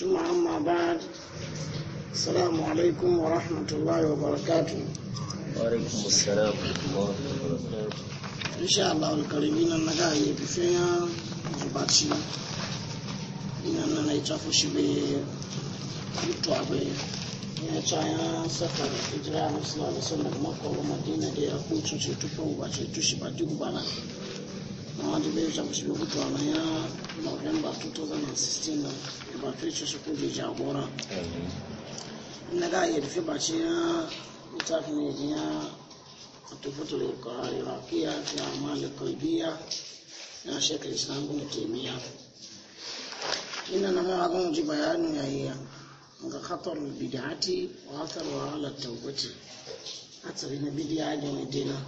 ثم أما بعد السلام عليكم ورحمة الله وبركاته وعليكم السلام ورحمة الله وبركاته إن شاء الله الكريمين النجاي بفيا باتشي إن أنا نيتافو شبي يتوابي ya caya saka hijira musulman musulman makon madina da ya kuncin cutu kan ubace tushi ba duk bana na wani bai ja musu bai gudu a bayan november 2016 na evacuation su kuje jagora na ga iya rufe ba ce ya littafi ne ya a tufutu da kawai rafiya fi amali kalbiya na shekar islam gudun kimiyya ina na ma ga ji bayanin nga ga khatar bid'ati wa athar wa ala tawbati athari na bid'a da madina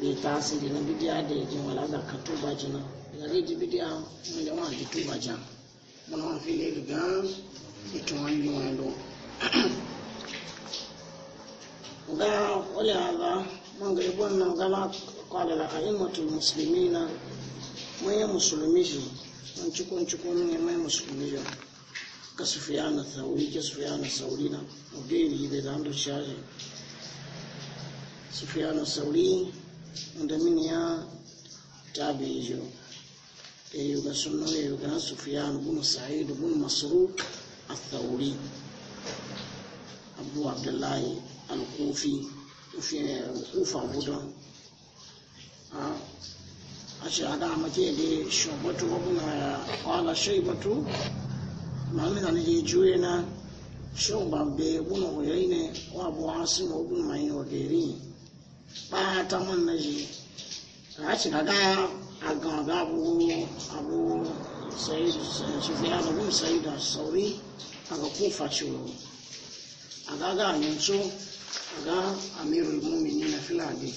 bai tasiri na bidiya da ya jin wala zaka tuba jina da zai ji bidiya mun da wani tuba jan mun wani fili riga ita wani wani ga wale haza mun ga ibon nan gama kwada da a'immatul musulmi Mun mai musulmi shi mun ci kun ci kun ne mai musulmi shi ka sufiyana na sauri ke sufiya na sauri na mu gairi da zan da shaji sufiya sauri mini ya tabijo yayu e ga sunna yayu e ga sufyan bin sa'id bin masruq al-thawri abu abdullahi al-kufi eh, kufa budan a ce a dama ke da shubatu wabuna ya eh, kwala shaibatu ma'amina ne ke juye na shubabbe wuna huyayi ne wa abu hasin wabuna mai yau da kpata man na shi a ci kaga a ganga abu abu sai su fiya da mun sai da sauri a ga kofa ciwo a ga ga yanzu a ga amirul mumini na filadi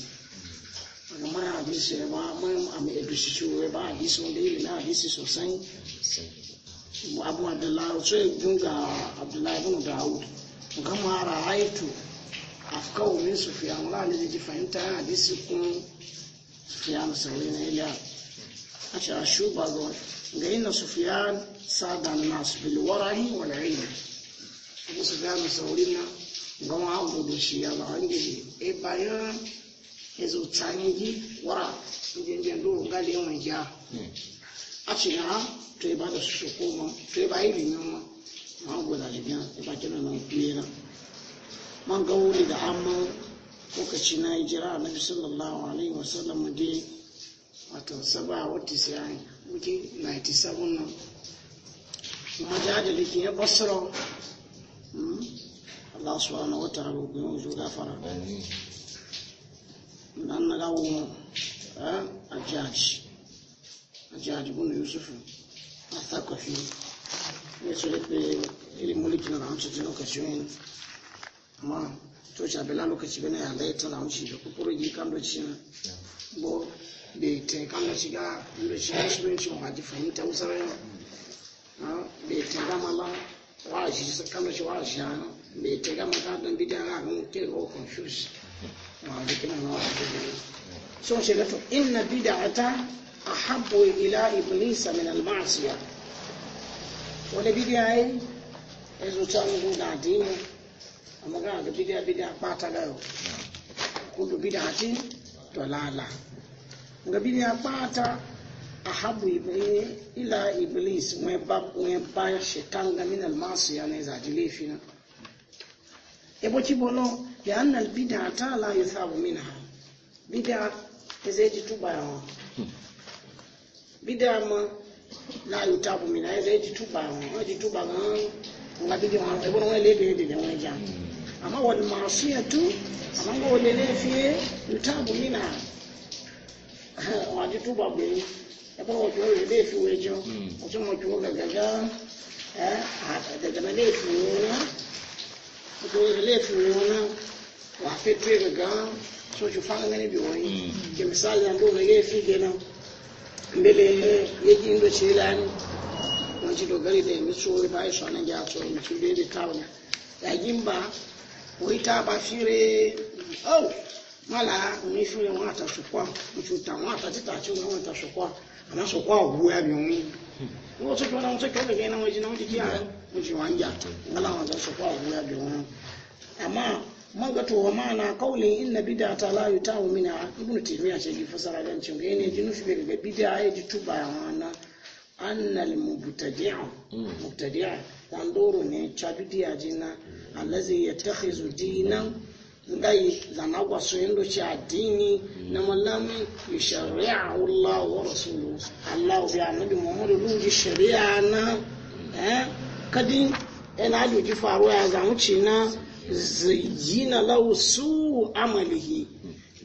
a ga mara hadisi ya ba mai ami edusi ciwo ya ba hadisi wanda yi na hadisi sosai abu abdullahi sai gunga abdullahi bin dawud gama ra'aitu afkawo min sufiyan wala ne ji fahimta ya hadisi kun sufiyan sauri na iliya a ce a shuba ga ga ina sufiya sada na nasu bil warahi wal ilmi abu sufiyan sauri na gama abu da shi ya ba wani gidi e bayan ya zo tsanin gi wara jinjin do gali yawan ja a ce ha to ya ba da su shi koma to ya ba ilimin ma ma guda jibin ya ba kira na fiye na man ga da amma lokaci na jira annabi sallallahu alaihi wasallam dai wato saba wata sai muke 97 na kuma jajali ke ya basra hmm? Allah subhanahu wa ta'ala ku yi wujo gafara dan na gawo a jaji a jaji bin yusufu a thakafi ya ce da eh, ilimin mulkin na hamsin lokacin amma to ci abela lokaci bane ya lai tana wuce da kukuru yi kan da ci bo da ta kan da shiga da shi shi bin shi wa ji fahimta usarai na da ta gama la wa shi kan da shi wa shi ya da ta gama ta dan bidiyan ga mun ke go confuse wa da kina na wa sun shiga to inna bid'ata ahabbu ila iblisa min al-ma'siyah wala bid'a ai ezo ta mun da dinin amma kana ga bidiya bidiya ba ta gayo kullu bid'atin dalala nga bidiya ba ta ahabu iblis ila iblis mai ba mai ba shaitan ga min almasu ya ne zaji laifi na ebo ci bono ya annal bid'a ta la yusabu minha bid'a zai ji tuba yawa bid'a ma la yutabu minha zai ji tuba yawa ji tuba ga ga bid'a ma ebo no lebe de de wani jami'a amma wani masiyatu amma ga wani laifi yutabu mina wani tuba gbe ya fara wato wani laifi hmm. wajen wajen wajen gagaga eh, daga na laifi wani wato laifi wa gaga so ju fara gani bi wani hmm. ke misali an dole mbele ndo dogari da yi ba ya sanan ya so yi ya bi oita bafire oh mala unifire mwata sokwa mchuta mwata titachi ta sokwa ana sokwa obuya byonyi ngo tsotola ngo tsotola ke na mwezi na mwezi kia mwezi wanja mala mwata sokwa obuya byonyi to wa mana kauli inna bid'ata la yutahu minha ibnu taymiya ce fasara dan cin ga ne jinu fibe ga bid'a ya ji tuba annal mm. mubtadi'a Kandoro ne a jina allazi yatakhizu dina ngai zana kwa soyendo cha dini na malamu yushari'ahu Allah wa rasulu Allah ya annabi Muhammad ruji shari'a na eh kadin ina ajuji faruwa ya zamu muci na zina la usu amalihi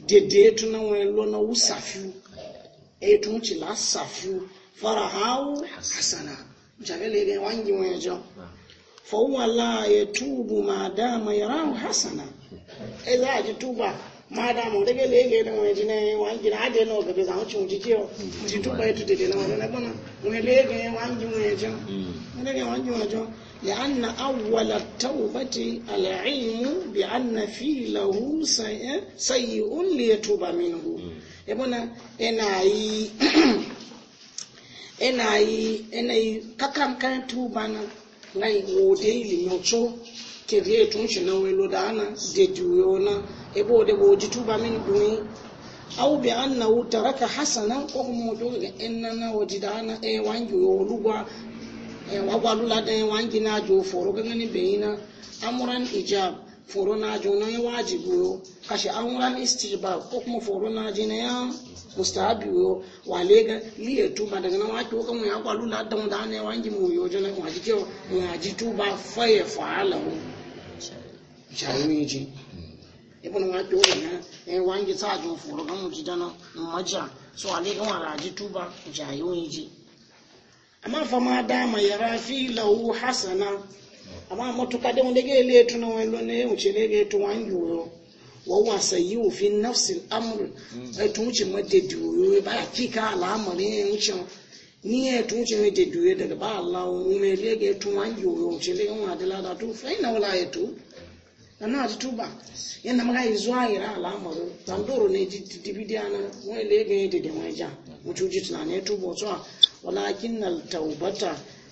dede na welo na usafiu e tun ci la safiu farahawu hasana jagale da wangi ah. wani jan la ya tubu ma dama ya rahu hasana e za a ji tuba ma dama da wangi na za tuba ya na wangi ina yi ina yi kakam kan tuba na na ngode ili nyocho ke etu tunchi na welo dana de duyona ebo de boji tuba min duni aw bi annahu taraka hasanan ko mo do ga enna na waji dana e wangi yo lugwa e wagwa lula de e wangi na jo foro ga ngani beina Amuran ijab foro na jo na e wajibu kashi amran istijbab ko mo foro na ya. mustahabi wo walega liye tuba daga nan wake ko mu ya kwalu la dan da ne wangi mu yo jona wa ji ke hmm. wa ji tuba fa na e eh, wangi sa jo furo ga mu ji dana maja so wale ga wa ji tuba shayi ji amma fa ma dama ya rafi lahu hasana amma matuka da wanda ga ile tuna wani ne mu ce wawan sayi wufin nafsin amurin a tun wucin madde duwe ba ya kika al'amarin ya wucin ni ya tun wucin madde duwe daga ba Allah wani mai lege tun wangi wuyo wucin lege wani adila da tu fai na wula ya tu na na ji tuba yadda maka yi zuwa ira al'amarin zandoro ne ji dibidiya na wani lege dede ji tunanin tuba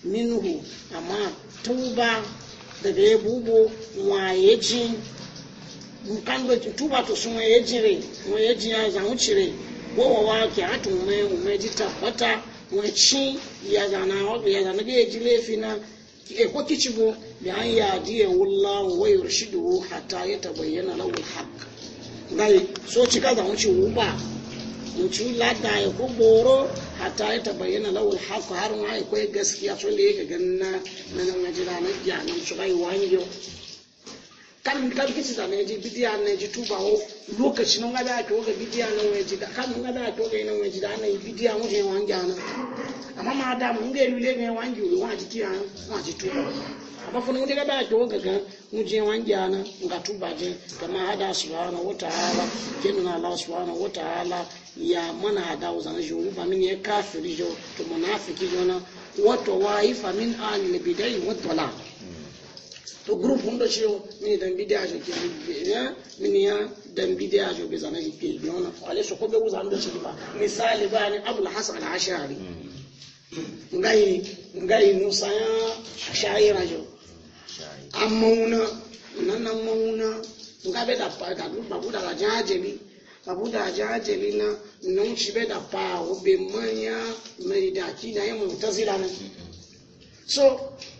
minhu amma tuba daga ya bubo nkando tuba to sun waye jire waye za mu cire gowa wa ke hatu mu mu mai ji tabbata mu ci ya zana wa ya zana ga ji lefi na e ko kici bo bi an ya diye wallahu wa yurshidu hatta yatabayyana so ci ka za mu ci uba mu ci lada ya ko boro hatta yatabayyana lahu alhaq har mu ai ko gaskiya so le ga ganna nan na jira na ya nan su kai wanyo kan kan kisi da ne ji bidiya ne ji tuba ho lokaci non ga da to ga bidiya ne we ji da kan non ga da to ga ne we ji da ne bidiya mu ne wangi ana amma ma da mu ga lule ne wangi we wa ji ti an wa ji tuba amma fa non ga da to ga ga mu je wangi ana ga tuba je ma hada subhanahu wa ta'ala kinna Allah subhanahu wa ta'ala ya mana da wazan shi ba min ya kafiri jo to munafiki jo na wato wa ifa min al bidai wa talaq to group hunda shiyo ni dan de ajo ke ya ni ya dan de ajo be zana ke be ona ale so ko be wuza ndo shi ba misali ba ni abul hasan al ashari mm-hmm. ngai ngai musa ya shaira jo e. amauna nana mauna be da pa da ba abuda la jaje bi abuda jaje bi na non shi be da pa o be manya mai da ki na yamu tazira na so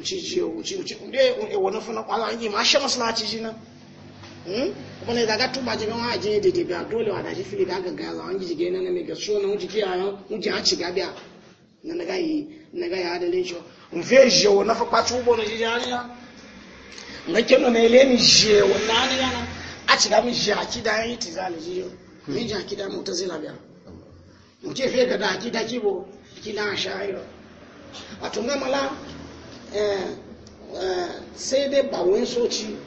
uciji uci uci nde unge wona funa kwala ngi ma shama sala ciji na hmm kuma ne daga tuba je ma je de de ba dole wa da shi fili daga ga za ngi jige na ne ga so na uci kiya ya uci a ci gabiya na naga yi naga ya da lejo mfe je wona fa kwachu bo na jiji ya na keno na eleni je wona ne yana a ci ga mi je a ci da yi tizali jiyo mi je a ki da mu ta zila biya mu fe ga da ki da ki bo ki na shairo a tunga mala Eh, eh, sai dai ba wani soci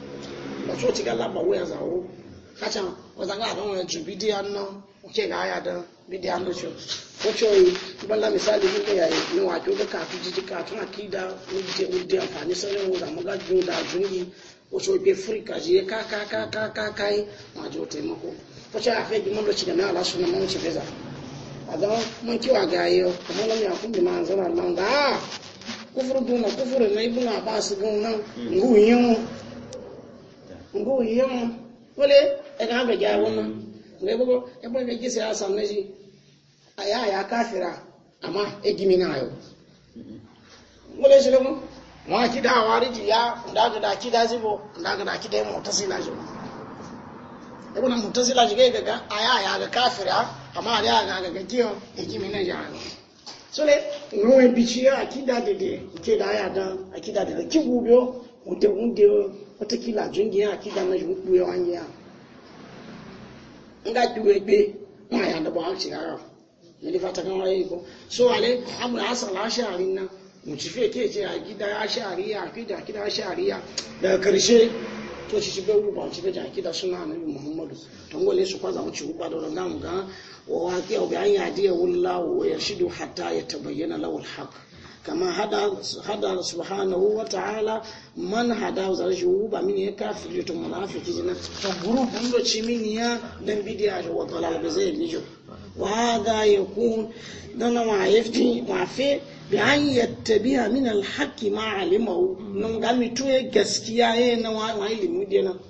ba soci gala ba zawo kacan wata ga kan wani ju bidiyan nan oke ga haya da bidiyan da ciwo ko misali ni jiji amfani ji ka ka ka ka ka na ala suna ga ma kufuru duna kufuru na ibn abbas gona na yimu ngu yimu wale e ga ga ja wona ne bogo e bogo ji sai asan ne ji aya ya kafira amma e gimi na yo wale shi lomo ma ki da wariji ya da ga da ki da zibo da ga da ki da mutasila ji e bona mutasila ji ga e ga aya ya ga kafira amma ya ga ga kiyo e gimi na ja sole le bichi bici a kida dede ke da a dede ki gubiyo wunde wunde watakila jungi a kida na jun kuyo ya yi nga duwe gbe ma ya da ba a ci ara ne le fata kan waye na mutife ke ce a kida ashari a kida karshe to be ba be suna muhammadu wa wa ke awai an yadiya wula shidu hata ya ta bayyana lawal haka kamar haddaza subhanahu wa ta'ala man haddaza shi huru bamini kafa juta muna haka kina ba buru hali ba shi minia dam biyana hali ba shi zai da mijina. wa ga ya kun na wa ya fitin wa an ya ta biya min alhakima alimau mun gani tun gaskiya ena wa ma ilimin jina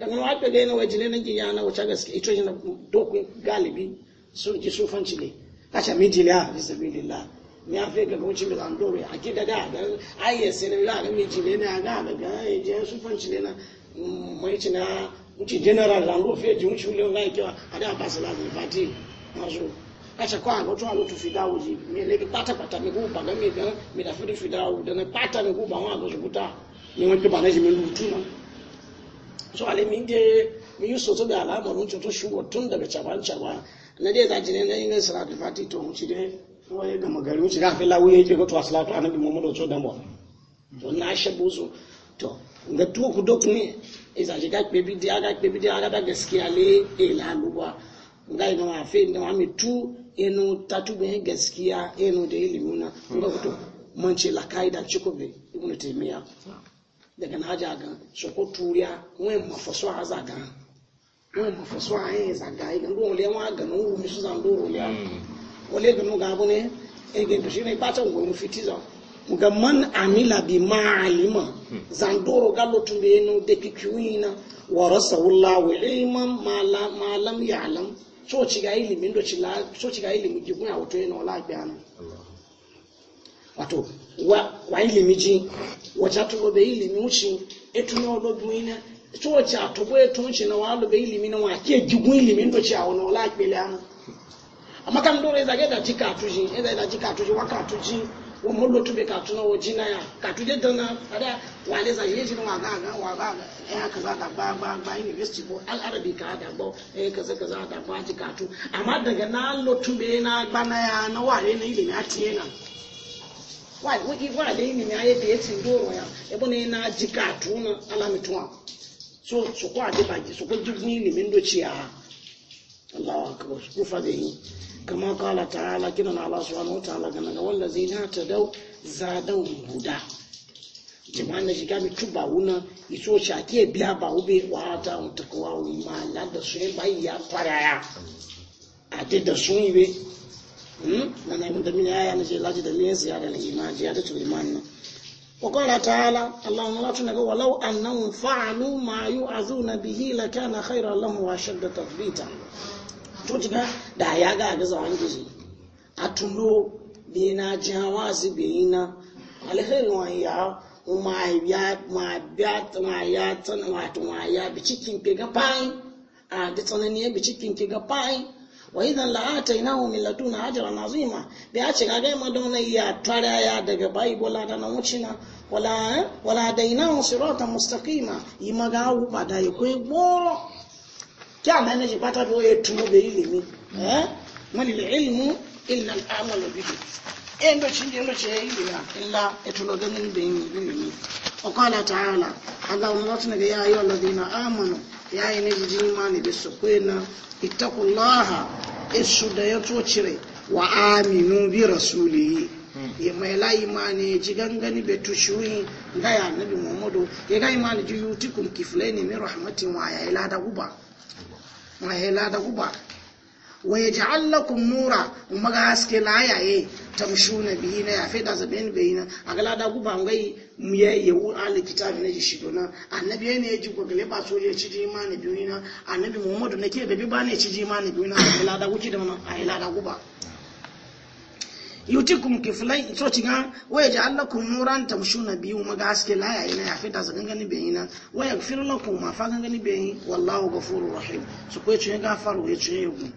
da mu na wancan ga ena na jiyana wacce gaskiya ito jina dokun galibi. soji sufanci ne a ce mi jiliya fi sabilillah n'i a fi gaga wuce mi zandoro ya ki da a ga ayyar sinin la ga mi jile ne a ga ga ga ya je sufanci ne na mai ci na wuce general zandoro fi ji wuce wule wani kewa a da ba su la zai fati masu a ce kwa ga tun a lutu fida wuji mi ne ki pata pata mi guba ga mi ga mi da fi fida wuji da na pata mi guba wani a ga su kuta ni wani kiba na shi mi lutu na so ale mi je mi yi soto da alamar wuce to tun daga caban caban na dai za jine na ingan salatul fati to wuce dai wani gama gari wuce ga fi lawo yake gato to salatu annabi muhammadu to dan bon to na shabu su to ga tuwa ku dok ne iza ji ga pe bi dia ga pe bi dia ga gaskiya le e lugwa ga yi ma fi da mi tu eno tatu be gaskiya eno da ilimuna ga to man ce la kaida cikobe ibnu taymiya daga na haja ga so ko turiya wai mafaso haza gan. Wani bɛ fɔ sɔn an ye zan yi kan don wale wọn ganu wu misu zan don wale wale ganu ga bu ne e ke dusu ne ba ta wo mu fiti zan nga man amila bi ma'alima mm. zan doro galo tun be no de kikiwina wa rasulullah wa ilman ma la ma lam ya'lam so ci ga ilimin do ci la so ci ga ilimin ji kun ya wato yana wala bi anu wato wa wa ilimi ji Wacce ta to be ilimi uchi etu ne do buina coci a tubu ya tunci na wani bai ilimi na wake gigun ilimin da ciyawa na wala kpele ana amma kan dole za ga ci katuji ya da ci katuji wa katuji wa mullo tube katuna wa jina ya katuje da na ada wale za yi jin wa ga ga wa ga ga eh, ya kaza da ba ba ba university bo al arabi ka da bo eh kaza kaza da ba ci katu amma daga na lo tube na gbana ya na wale na ilimi a tiye na wale wale ilimi a yadda ya tindoro ya ebo ne na ji katuna alamituwa so su kwa ji baki su kwa jikin ilimin dociya Allahu akbar ku fa yi kama kala ta'ala kina na Allah subhanahu wa ta'ala ga na wanda zai na ta dau zadau huda jama'an da shiga mi tuba wuna iso shake biya ba ube wa ta mutakawa ma la da su bai ya faraya a ti da su yi be hmm？na na mun da min ya ya na ce laji da ne ya ziyara na iman ziyara da iman nan وقال تعالى اللهم لا تنك ولو أنهم فعلوا ما يوعظون به لكان خيرا kyana, وأشد تثبيتا tutuka da ya ga ga zawon gizi a tuno bina jawa su bina alheri wa ya ma ya ma biya ma ya tan wato ma ya bi cikin ke ga pai a da tsanani bi cikin ke ga pai wa idan la'atainahu min laduna bi a ce ga ga ya ya daga bible da na wucina wala wala dainahu siratan mustaqima ima ga wu bada yi ko a nane ji pata bi o ye tumo be ilimi eh wani le ilmu illa al'amalu bihi e ndo ci mai ma ne ji gangani be tushuyi ga ya nabi muhammadu ya ga imani ji kifle ne min rahmatin wa ya ila guba wa ya ila guba wa yaj'al lakum nura ga haske la yaye tamshuna bihi na ya bayi na a ga da guba ngai mu ya yawu ala kitabi na jishi dona annabi ne ya ji gwagale ba soje ci ji imani biyu na annabi muhammadu nake da bi ba ne ci ji imani biyu na agala guki da mana guba yutikum kiflai so cinga waya ji allakum nuran na biyu maga haske la yayi na yafi da zagan gani bayi na waya yaghfir lakum ma fa gani bayi wallahu ghafurur rahim su ko ga faru ya cinga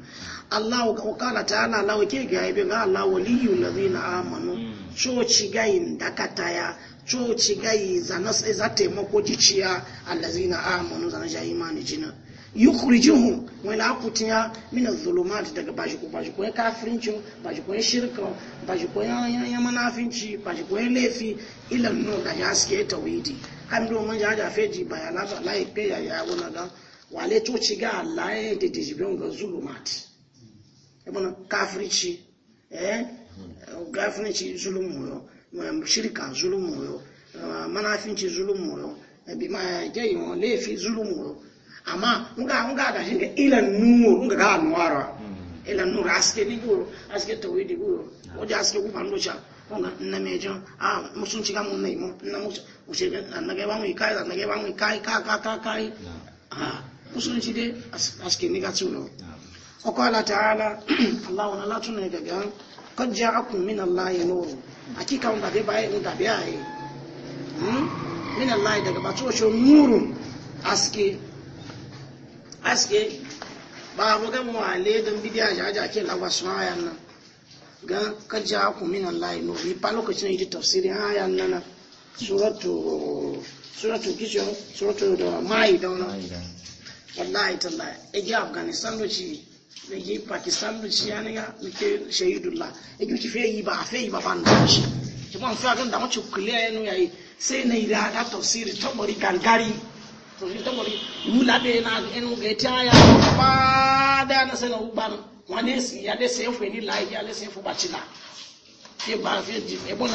allahu allah wa ta ta'ala lawa ke ga ibe ga na waliyul na amanu so ciga inda kataya so ciga yi zanas za taimako jiciya allazina amanu zanas ya imani jina yukhrijuhum wani akutiya mina zulumat daga bashi ko bashi ko ya kafirci bashi ko ya shirka bashi ko ya manafinci bashi ko ya lefi ila no da ya ske tawhidi kan do mun ja ja feji bayana ba lai pe ya ya wona ga wale to ci ga Allah ya de de jibon ga zulumat ibn kafirci eh kafirci zulumu yo shirka zulumu yo manafinci zulumu yo eh, bi ma ya jayi mo lefi zulumu yo amma nga nga ga shi ga ila nuru nga ga nuwara hmm. ila nuru aske ni guro aske tawidi guro waje aske ku fando cha ona na mejo a musun chiga mun nei mo na musun use ga na ga wangi kai na ga wangi kai ka ka ka kai a ah, musun chi de aske ni ga tsulo wa qala ta'ala allah na la tunai ga ga qad ja'akum min allah nuru hakika unda be bai unda be ai hmm? min allah daga ba tsocho nurun aske aske ba ku mu muwale don bidiya jaja ke lagwa su hayan nan ga kajja ku min Allah no ni pa lokacin yi tafsirin hayan nan suratu suratu kisho suratu da mai da wannan wallahi tallahi eji afghanistan do ci eji pakistan do ci yana ga muke shahidullah eji ci fe yi ba fe yi ba ban da shi kuma fa ga da mu ci kuliya yanu yayi sai na ida da tafsiri tabari gangari torí tọ́mọ̀rí ìlú lábẹ́ ẹnu na àyà pàdé anásẹ́nà ọgbà wọn ní èsì adẹ́sẹ̀ ẹ̀fọ́ ní láàyè adẹ́sẹ̀ ẹ̀fọ́ bàtìlà tí ìbá fi jì ẹ̀bùn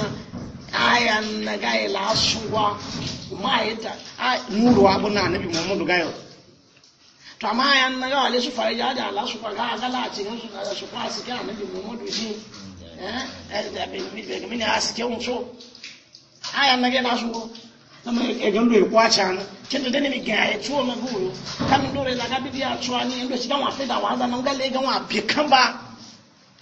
kama egendo chana chendo dene chuo na gabi bia chika na ga wa bikamba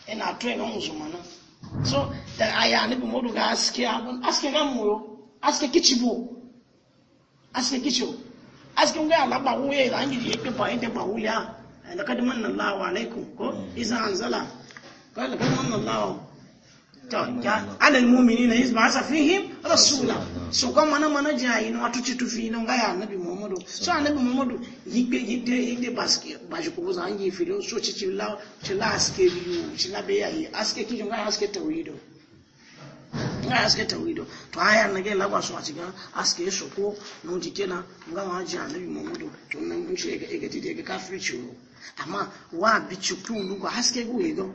ena atwe ga muzumana e e so da aya ne bi modu ga aske abun aske ga muyo aske kichibo aske kicho aske nga ala ba wuye ga ngi ye pe ba wuya laqad manna Allahu alaikum ko iza anzala manna anal mu'minina iz ba'atha fihim rasula so kwa mana mana ja ino watu chitu fi ino ngaya annabi muhammadu so annabi muhammadu yigbe yigde yigde baske baji ko za angi filo so chichi la chila aske biyu chila be yayi aske kijo ngaya aske tawido ngaya aske tawido to aya nage lagwa so achiga aske so ko no nga ngaya ji annabi muhammadu to nan mun shi ga ga tide ga kafirci amma wa bichu ku nugo aske go yego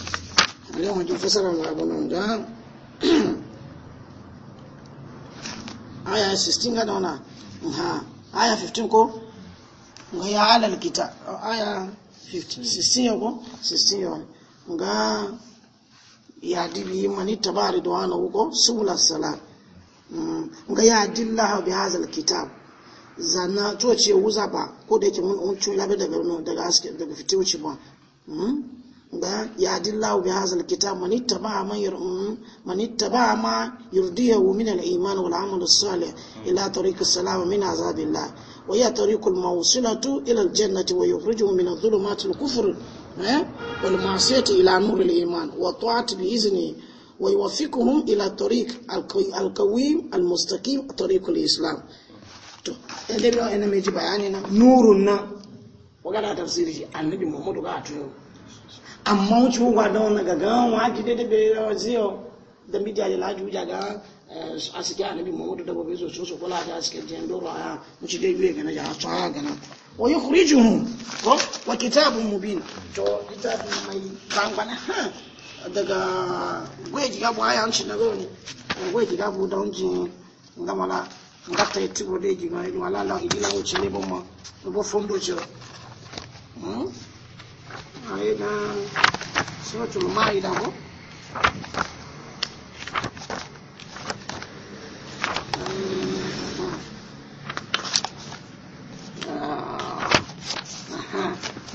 Aliyu mun ji fasarar labarin da aya 16 ga dauna ha aya 15 ko ga ya alal kita aya 15 16 ko 16 ya ga ya dibi mani tabari da wani ko subula salam mm. ga ya dillaha bi hazal kitab zanna to ce wuza ba ko da yake mun un cula daga daga daga fitin ci ba mm. da ya dillahu bi hazal kitab man ittaba mm, man yurum man ittaba ma yurdihu min al-iman wal amal as-salih ila tariq as-salam min azabillah wa ya tariq al ila al-jannati wa yukhrijuhu min adh-dhulumati al-kufr eh, wal ma'siyati ila nur al-iman wa ta'ati bi izni wa yuwaffiquhum ila tariq al-qawim al-mustaqim tariq al-islam to edelo ene meji bayani na nurun na wakala tafsiri annabi muhammadu ga tuyo amma wuce wuwa da wani gaggan wa ji daidai bai da midiya um, um da laji ga a suke annabi muhammadu da babai zoce a yan wuce dai biyu gana ya tsawa gana wa yi ko wa kitabun mubin to mai daga ji ya bu haya ci na gani gwaji ya bu don ji ngamala ngata ya ma da ya gina ilu e alala idila ne aye na suratul maida ko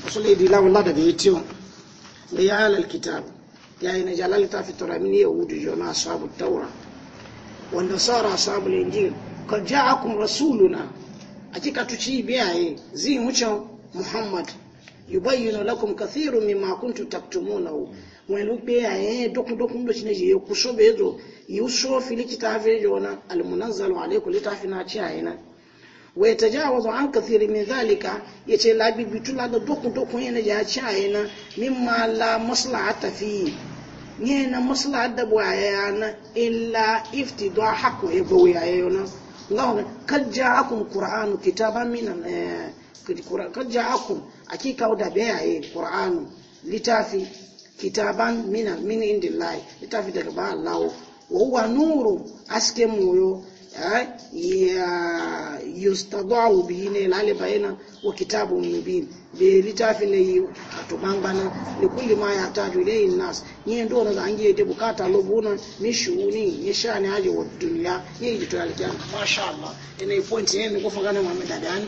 wasu ah, di lawo lada da yitiyo da ya alal kitab ya yi na jalal ta fitura min yahudu jona sabu taura wanda sara sabu injil kad ja'akum rasuluna a kika tuci biyaye zai wucin muhammad yubayyinu lakum kathiru mimma kuntum taktumunahu mwenu be aye doku doku ndo chine je kusobe ezo yuso fili kitafe jona almunazzalu alaykum litafina chi ayina wa yatajawazu an kathiri min dhalika yace labi bitula da doku doku yana ya ci ayina mimma la maslahata fi yana maslahat da bo ayana illa iftidu haqqu e bo ayona Allah kad ja'akum qur'anu kitaban min eh, kad ja'akum akika da bayaye qur'anu litafi kitaban min min indillahi litafi daga ba Allah wa huwa nuru aske moyo eh, ya yustadau bihi ne lale bayana wa kitabun mubin be litafi ne yi to bangana li kulli ma ya taju ilayhi nas ni ndo na zangie de bukata lobuna ni shuuni ni shani haje wa dunya ni jitolalikia masha Allah ina point yenu kufungana Muhammad Adani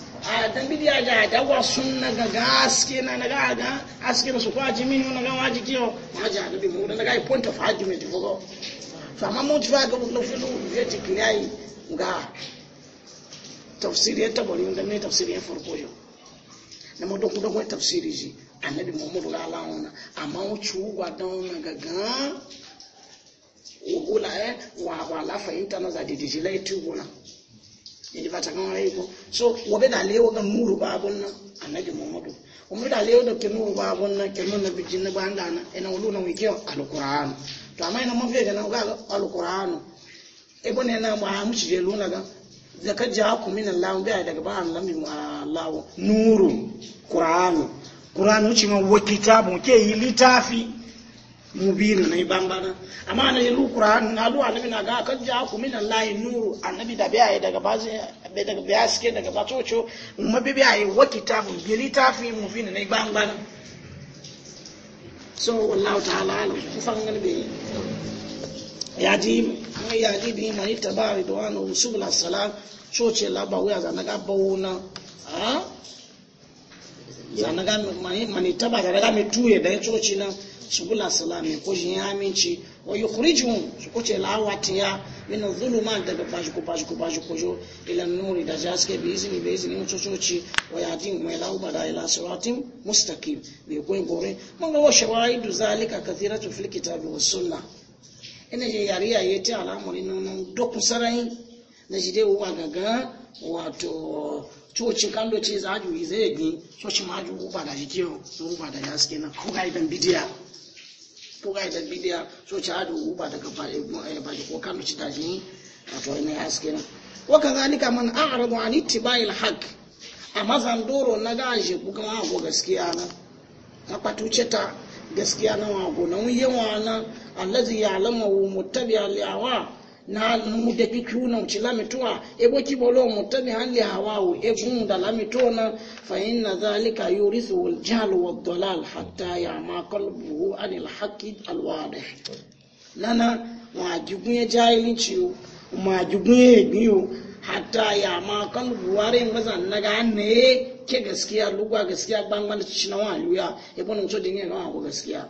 a dan bidiya ga da wa na ga gaske na na ga ga aske su kwa jimini na ga waji kiyo ma ja da bi mu na ga point of argument fugo Fa ma mu jifa ga mu filu ya ti kirai ga tafsiri ta bari da ne tafsiri ya farko yo na mu doku doku tafsiri ji annabi muhammadu ga launa amma mu chuwa don na ga ga wula eh wa wa la fahimta na za didijilai e tubuna ni ba ta kamar ko so wabe da lewo ga muru ba abun nan annabi muhammadu umru da lewo da kinu ba abun nan kinu na bijin na anda na ina wulu na wike alquran to amma ina mafi ga na ga alquran e bone na ma mu ci luna ga zaka ku min allah bi daga ba allah mi allah nuru qur'an qur'an wuce ma wa kitabun ke yi litafi mubinu na bambana amma na yi lukura na luwa na mina ga kan ja ku minan layi nuru annabi da biya daga bazi daga biya suke daga coco mu bi biya yi wa kitabun ta fi mubinu na bambana so wallahu ta'ala alam kusan galbe ya ji mai ya ji bi mai tabari da wani subula salam so ce laba wuya za na ga ah? na ha za na mani mai tabari da ga mai tuye da ya coci na su kula salami ko shi ya aminci wa yukhrijuhum su kuce lawatiya min zulumat daga ko fashiko ko jo ila nuri da jaske bi izini bi izini mu cococi wa din mai lauba da ila suratin mustaqim bi koyi gore mun ga wa shawaidu zalika kathiratu fil kitabi was sunna ina je yari yi ta al'amari nan doku sarai na shi dai wa gaga wato cocin kallo ce za a juyi zai yi cocin ma ju ba da jikiyo uba da suke na kuka idan bidiya buga ita bidiya so ci hadu ba daga baki eh, ko kanu ci tashi wato ina ya ah, haske nan wa ka zalika man a'radu an ittiba'il haqq amma doro na gaje buga ma gaskiya na na patuce ceta gaskiya na wa go na wuyewa na allazi ya'lamu muttabi'a li na mude pikiu na uchila mitua ebo kibolo mutani hali ebo egunda la mitona fa inna thalika yurithu wa dhalal hatta ya qalbuhu anil haqi alwadih nana mwajugunye jahilinci yo mwajugunye egbi yo hatta yama qalbuhu are mazan naga ane ke gaskiya lugwa gaskiya bangan cinawa yuya ebo na so nye kwa gaskiya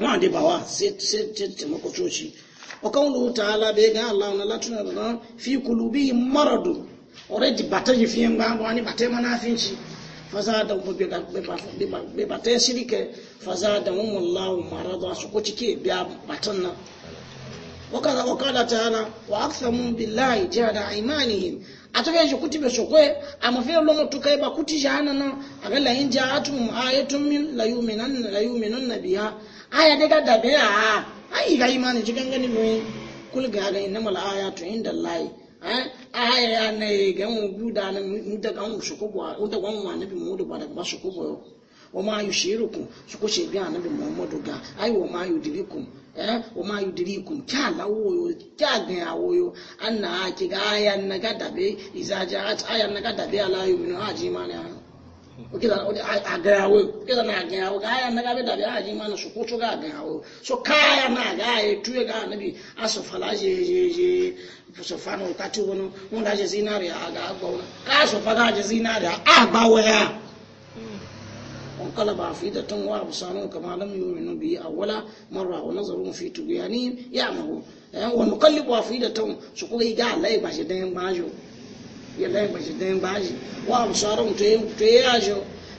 wanda ba wa sai taimako coci wa kaunu ta'ala bai ga Allah na latuna da zan fi kulubi maradu already bata yi fiye ba wani bata yi manafinci faza da mu bai bata yi shirike faza da mu mullahu maradu su ko cike biya batan nan wakaza wakala ta'ala wa akthamu billahi jihada aimanihim atakaje kutibe sokwe amafia lomo tukai ba kuti jahana na agala in ja'atum ayatun min la yu'minanna la yu'minanna biha aya daga da a ai ga imani cikin gani mai kul ga ga inna mal ayatu inda allahi eh, aya ya ne ga mu guda ne mu da kan su ko ba da kan mu annabi mu da ba ba su ko ba wa ma yushiruku su ko she bi annabi muhammadu ga ai wa ma yudirikum eh wa ma yudirikum ta yo ta ga yawoyo anna ki ga aya na ga dabe be izaja aya na ga da aji ma yuminu ajimani kila agawo kila na agawo gaya na gabe da ya ji mana su kutu ga agawo so kaya na gaya tuye ga nabi aso falaje je je so fano tati wono mun da je zinari aga agbo ka zinari agba waya ya ɗaya ba shi dai ba shi wa absarun to yi ya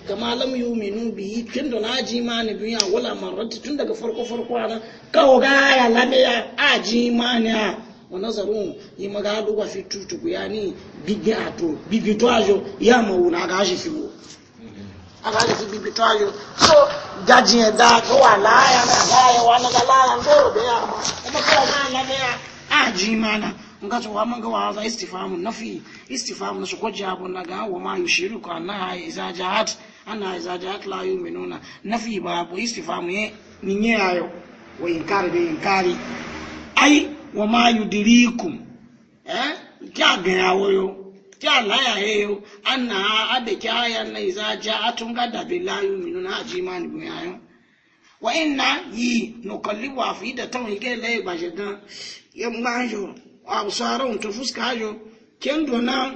kama lam yu'minu biyi tun da na ji ni biyu ya wala tun daga farko farko ana kawo gaya labe ya a ji ni a wa nazarun yi magadu fi tutu ni a to to ajo ya na ga kuma na nga to wa manga wa za istifamu nafi istifamu na ko jabo na ga wa ma yushiru ka na iza jahat ana iza jahat la minuna nafi ba bo istifamu ye ninye ayo wa inkari be inkari ai wa ma yudirikum eh kya ga yawo yo kya la ya yo ana abe kya ya na iza jahat nga da bi la ma ajimani bu yo wa inna yi nukallibu afida tawon ke lai ba yamma yi mbanjo absarahum ta fuska hajo kendo na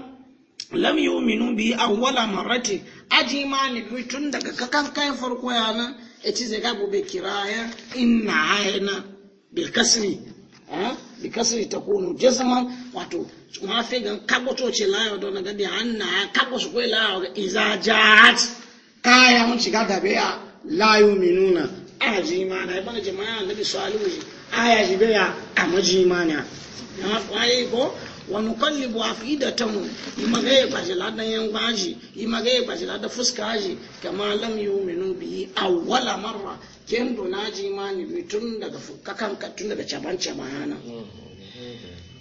lam yu'minu bi awwala marrati aji ma ni bi tun daga kakan kai farko ya nan zai gabu bi kiraya inna aina bil kasri ha bi kasri takunu jazman wato ma fe gan kago to ce la yo don ga anna kago su ko la iza jaat kaya mun shiga gabe ya la yu'minuna a ji jama'a annabi salihu aya ji a maji imana na kwaye ko wani kallibu a da tamu imagaye bajila da yan gwaji imagaye bajila da fuska aji kama lam yi umenu biyi a marra ken do naji imani bi tun daga ka tun daga caban cabana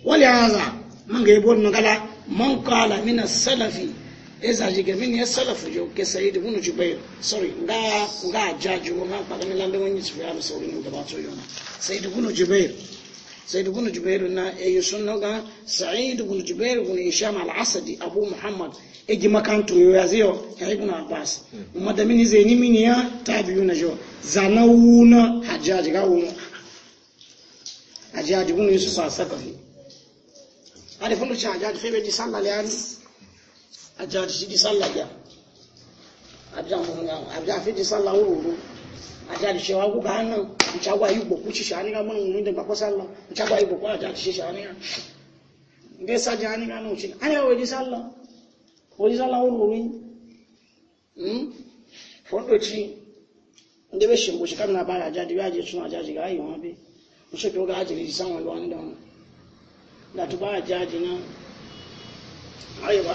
wale haza man ga yi bon magana man kala as salafi eza jiga min ya salafu yo ke sayid ibn jubair sorry nga nga jaju ma pa kan lande wonyi su ya so ni da ba to yo sayid ibn jubair sayid ibn jubair na e yi ga sa'id ibn jubair ibn isham al-asadi abu muhammad e ji makantu yo yaziyo ya ibn abbas hmm. umma da min zai ni min ya tabiuna jo zanawuna hajjaj ga wu hajjaj ibn yusuf sa sakafi ada fundu cha hajjaj fe be di sallallahu alaihi àjàdì sí di sálà yá àbíjà mọ̀nà àbíjà fi di sálà òróró àjàdì ṣe wá gbogbo àná ìjágbá ìgbòkú ṣiṣẹ́ àníkà mọ́nà òun ní gbàgbọ́ sálà ìjágbá ìgbòkú àjàdì ṣiṣẹ́ àníkà ndé sájà àníkà náà ṣe àníkà wò di sálà wò di sálà òróró yìí hmm? fọ́ndọ̀tì ndé bẹ́ ṣe ń gbòṣe kábìnà bá àjàdì bí àjẹ tún àjàdì gáyìí wọn bí mo ṣe pé ó gáàjì lè sáwọn lọ nídàá wọn dàtú bá àjàdì náà ayé bá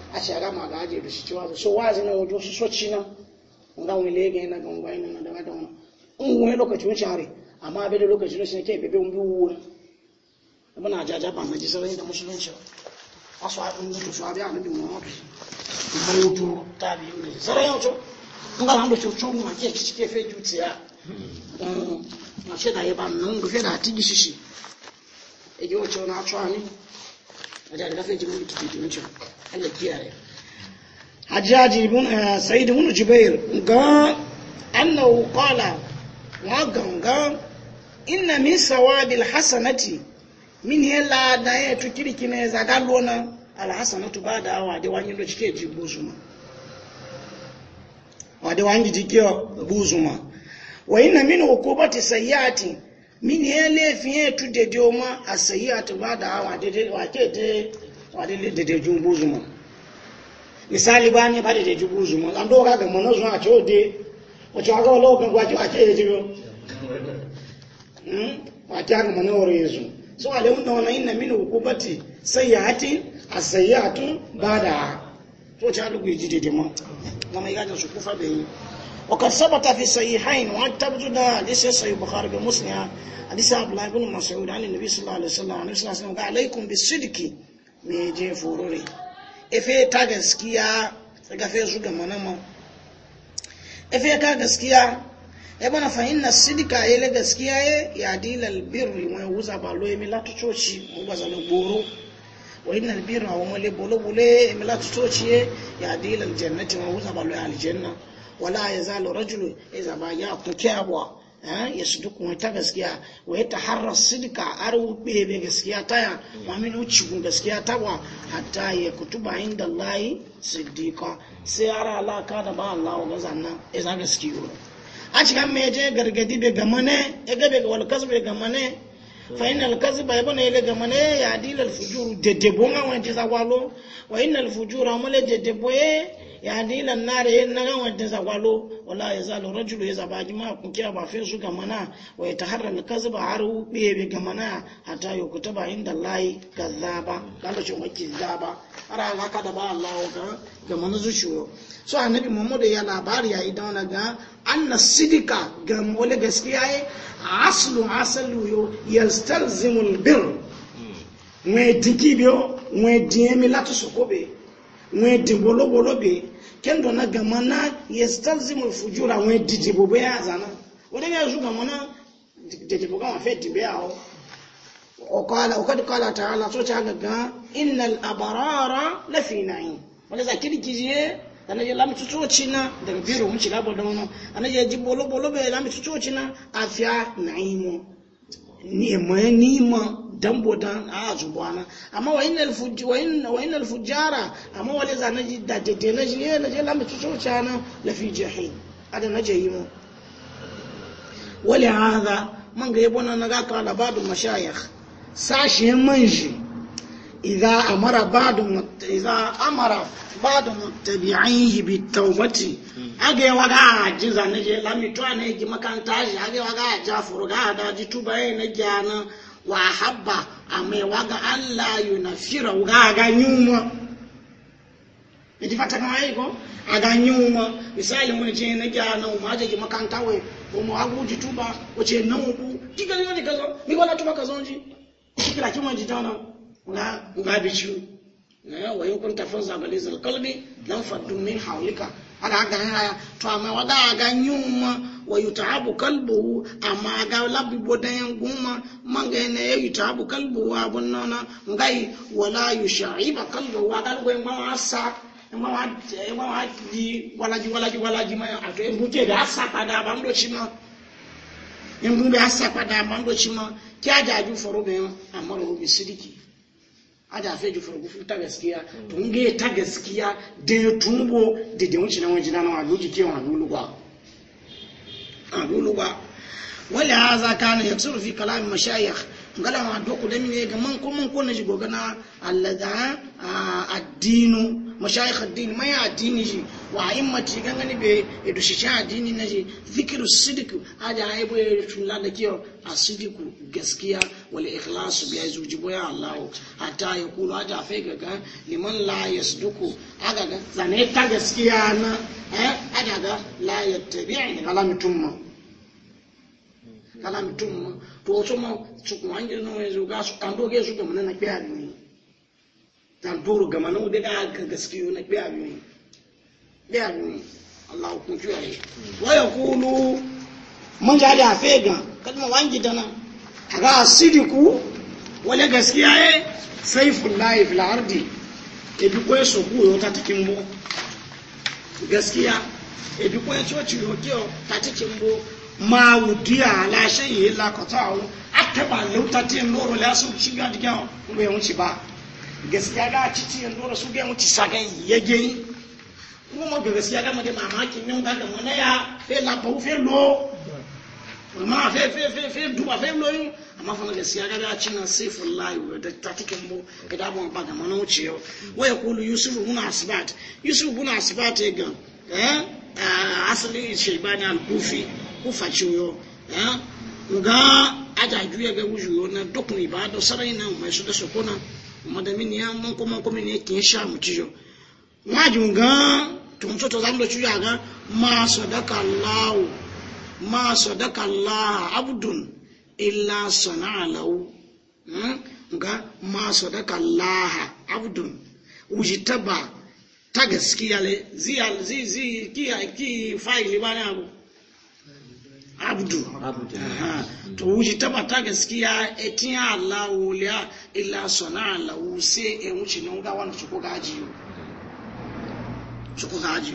a ce aga ma gaje da shi cewa so wazi na su na nga wani lege na ga na da ga in wani lokaci wuce hare amma bai da lokaci ne shi ke bebe muna jaja ba na ji sarai da musulunci asu a ɗin zuwa su abi annabi muhammadu bai wuto tabi ne yau in ga ma ke ci ke ce da nan rufe da shi ne Allah kiyaye hajjaji ibn sa'id ibn jubair ga annahu kwala, wa ganga inna min sawabil hasanati min yalla da ya tukiri kine zaga lona alhasanatu bada awa de wani do cike ji buzuma wa de wani jike buzuma wa inna min ukubati sayyati min yalla fiye tude joma asayyatu bada awa de wa ke de wadi le dede ju buzu misali ba ni ba dede ju buzuma mo ando ga ga mo zo a cho de o a ga lo ga gwa cho a che de yo hm wa ga mo no yesu so ale mun na inna min hukubati sayyatin asayyatu bada to cha lu gwi dede mo na mai ga da su kufa bai وقد ثبت في صحيحين وعن تبدنا حديث صحيح البخاري ومسلم حديث عبد الله بن مسعود عن النبي صلى الله عليه وسلم عليه وسلم عليكم بالصدق ne je furore efe ta gaskiya daga fe su ga manama efe ka gaskiya ya bana na sidika ya le gaskiya ya ya dilal birri wani wuza ba lo emi latu coci mu ba zalo boro wa inna albirra wa le bolo bole emi latu coci ya ya dilal jannati mai wuza ba lo aljanna wala ya zalo rajulu e ya zaba ya kuke abuwa ya su duk wata ta gaskiya wai ta harra sidika har bebe gaskiya ta ya wa min kun gaskiya ta wa hatta ya kutuba inda layi siddiqa sai ara alaka da ba Allah wa gazan nan za gaskiyo a cikin me je gargadi be gama ne ya ga be wal kasbe gama ne fa inna al kasba ya bana ile gama ne ya dilal fujur de de wani ta walo wa inna al fujura mala de ya dila nare yin nan gawar za zagwalo wala ya zalu rajulu ya zaba gima kiya ba fe su gamana wa ya taharrar kazi ba har bebe gamana hata ya kuta ba inda layi ga zaba kala shi maki zaba ara an haka da ba Allah ga gamana zuciyo so annabi Muhammad ya labari ya idan na ga anna sidika ga wala gaskiya ai aslu asalu yo yastalzimul bir mai diki mai o latu sokobe mai di kendo na gama na yestalzimul fujura we didibo be zana wani be azu gama na didibo gama fe dibe awo وقال وقد ala تعالى سوچا ga ان الابرار لفي نعيم wanda za kirkiye da na je lami tutoci na daga biro mun shiga bodon nan ana je ji bolo bolo be lami tutoci na afiya na'imu mwenye nima dambo dan a zubana amma wa innal fujj wa inna wa innal fujjara amma wale za naji da tete ji ne eh, naji la mutu socha na la fi jahim ada naji yimo wale hada man ga yabo na ga ka da badu mashayikh sashe manji إذا أمر بعض إذا أمر بعض متبعيه بالتوبة أجي وقع جزا نجي لم يتوى نجي مكان تاجي أجي وقع جافر وقع داجي توبة نجي أنا وأحب أمي وقع ألا ينفر وقع أغنيوم Niti fata aga hiko, aganyuma, misali mwini chene negia na umaje ki makantawe, umu agu jituba, uche naubu, tika nima nikazo, nikola tuba kazonji, na kima nga nga bichu na wa yukun tafanza balizal qalbi lan faddu min hawlika ana ga haya to amma wada ga nyuma wa yutabu kalbuhu amma ga labi bodan guma manga ne ya yutabu kalbuhu abun nona ngai wala yusha'iba kalbuhu ga gwen ma asa ma wa ma wa di wala ji wala ji wala ji ma ato en buje da asa pada ba ndo chima en buje asa pada ma ndo chima kya da ju foro be amaro bi sidiki aja fe ju furgufu ta gaskiya tun ge ta gaskiya da ya tumbo da da wuce na wani jina a loji ke wani lulugwa a lulugwa wala haza kana yaksuru fi kalamin mashayikh ngala wa doku da mine ga man ko man ko na jigo gana allada addinu mashayikh addini mai addini shi wa immati gangani be edu shi addini na shi zikiru sidiq aja ai boye tulla da kiyo asidiku gaskiya wal ikhlas bi azuji boya allah hatta ya kulu aja fe Ni liman la yasduku aga ga zane ta gaskiya na eh aga ga la yattabi'i kalamutum kala mituma to oso mo sukumanje no ezo ga su kando ge su gamana na kya biyu tan duru gamana ude ga ga gaskiyo na kya biyu kya biyu Allah ku ku ai hmm. wa yaqulu mun ga da fega kalma wangi dana ga sidiku wala gaskiya eh saifullahi fil ardi e bi ko so ku yo ta bo gaskiya bi ko so ci yo ta bo ma wudiya la shayi la qata'u ataba lautatin loro la su shiga diga kuma yawun ci ba gaskiya ga cici yan loro su ga wuci saga yage kuma ga gaskiya ga mu da mamaki nan ga da mun ya fe la bau fe lo ma fe fe fe fe duba fe lo yin amma fa gaskiya ga da cin siful lahi da tatikin mu ga da mun ba ga mun wuce waya kulu yusuf ibn asbat yusuf ibn asbat ya ga eh asali kufaci yo ya nga aja juya ga wuju yo na dokun ibado sarai na mai su da su kona madamin ya mun kuma kuma ne kin sha mu cijo wajin ga tun to zan da ciya ga ma sadaka Allah ma sadaka Allah abdun illa sana'a lahu hmm? nga ma sadaka Allah abdun wujitaba ta gaskiya le zi zai ki ki fa'ili ba ne abu abdu to wuce tabbata gaskiya e tiya Allah wuliya illa sana lahu sai e wuce nan ga wanda su ko gaji su ko gaji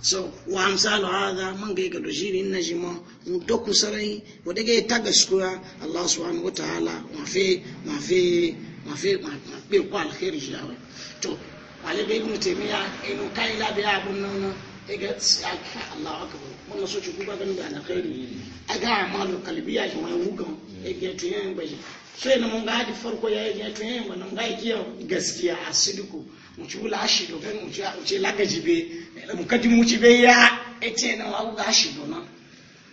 so wa amsalu hadha man ga ga dojiri na jima mu doku sarai wa daga ta gaskiya Allah subhanahu wataala ma fi ma fi ma fi ma bi ko alkhairi jawe to wale ibn taymiya inu kaila bi abun nan ga tsaka Allah haka ba wannan so ci ku ba ganin da na khairi aga amalu kalbiya shi wani hukan ga to yayin bai so ina mun ga hadi farko yayi ga to yayin wannan ga kiyo gaskiya asidiku mu ci wula shi do ga mu ci mu ci lagaji be mu kadi mu ci be ya ce na wa ga shi do na